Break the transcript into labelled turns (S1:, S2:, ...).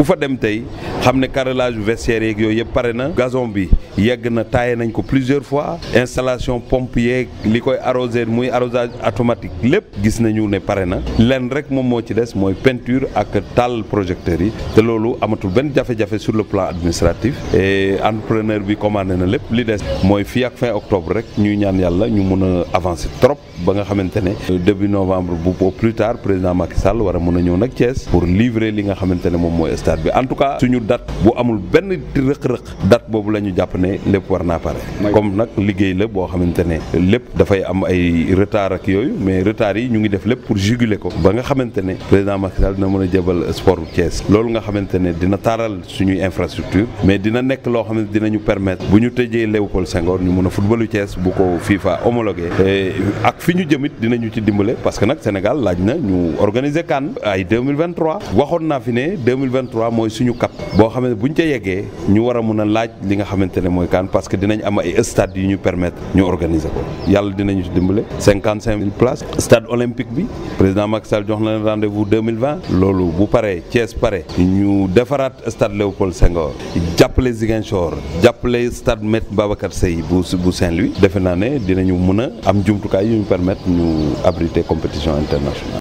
S1: ku fa dem tey xam ne carrelage vestiaire yeeg yooyu yëpp pare na gazon bi yegg na taaye nañ ko plusieurs fois installation pompe yeeg li koy arroser muy arrosage automatique lépp gis nañu ne pare na lenn rek moom moo ci des mooy peinture ak taal projecteurs yi te loolu amatul benn jafe-jafe sur le plan administratif et entrepreneur bi commandé na lépp li des mooy fii ak fin octobre rek ñuy ñaan yàlla ñu mën a avancer trop ba nga xamante ne début bu au a a ñëw stade bi en tout cas suñu date bu amul benn rëq-rëq date boobu la ñu jàpp ne lépp war naa pare comme nag liggéey la boo xamante ne lépp dafay am ay retard ak yooyu mais retard yi ñu ngi def lépp pour juguler ko ba nga xamante ne président Macky Sall dina mën a jëbal sport loolu nga xamante ne dina taaral suñuy infrastructure mais dina nekk loo xam ne dinañu permettre bu ñu tëjee Léopold Senghor ñu mën a footballu Thiès bu ko FIFA homologué ak fi ñu jëmit dinañu ci dimbale parce que nag Sénégal laaj na ñu organiser CAN ay 2023 2023 mooy suñu cap boo xam ne bu ñu ca yeggee ñu war a mun a laaj li nga xamante ne mooy kaan parce que dinañ am ay stade yu ñu permettre ñu organiser ko yàlla dinañu ci dimbale 55 000 places stade olympique bi président Macky Sall jox na leen rendez-vous 2020 loolu bu paree Thiès pare ñu defaraat stade Léopold Senghor jàppale Ziguinchor jàppale stade Me Babacar Sèye bu bu Saint-Louis defe naa ne dinañu mun a am jumtukaay yu ñu permettre ñu abriter compétition internationale